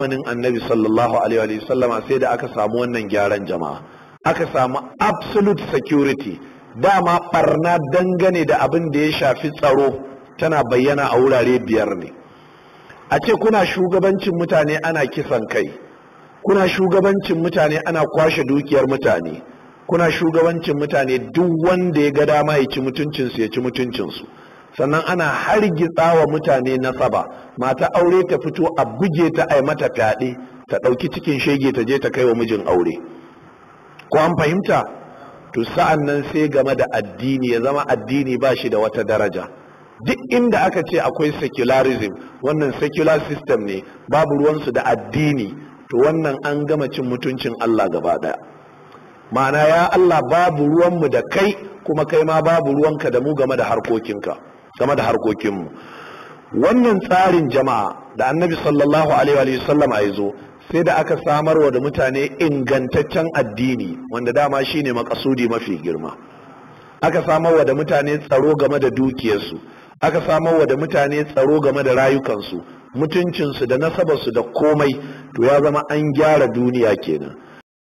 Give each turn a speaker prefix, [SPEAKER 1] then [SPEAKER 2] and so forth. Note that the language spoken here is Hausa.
[SPEAKER 1] zamanin annabi sallallahu alaihi wa sallama sai da aka samu wannan gyaran jama'a aka samu absolute security ba ma barna dangane da abin da ya shafi tsaro tana bayyana a wurare biyar ne a ce kuna shugabancin mutane ana kisan kai kuna shugabancin mutane ana kwashe dukiyar mutane kuna shugabancin mutane duk wanda ya ga dama ya ci mutuncinsu ya ci mutuncinsu sannan ana hargitsa wa mutane nasaba mata aure ta fito a buge ta ai mata fyaɗe ta ɗauki cikin shege ta je ta kai wa mijin aure ko an fahimta to sa'an nan sai game da addini ya zama addini ba shi da wata daraja duk inda aka ce akwai secularism wannan secular system ne babu ruwansu da addini to wannan an gama cin mutuncin Allah gaba ɗaya ma'ana ya Allah babu ruwanmu da kai kuma kai ma babu ruwanka da mu game da harkokinka game da harkokinmu wannan tsarin jama'a da annabi sallallahu alaihi wasallam a zo sai da aka samarwa da mutane ingantaccen addini wanda dama shine makasudi mafi girma aka samarwa da mutane tsaro game da dukiyarsu aka samarwa da mutane tsaro game da rayukansu mutuncinsu da nasabarsu da komai to ya zama an gyara duniya kenan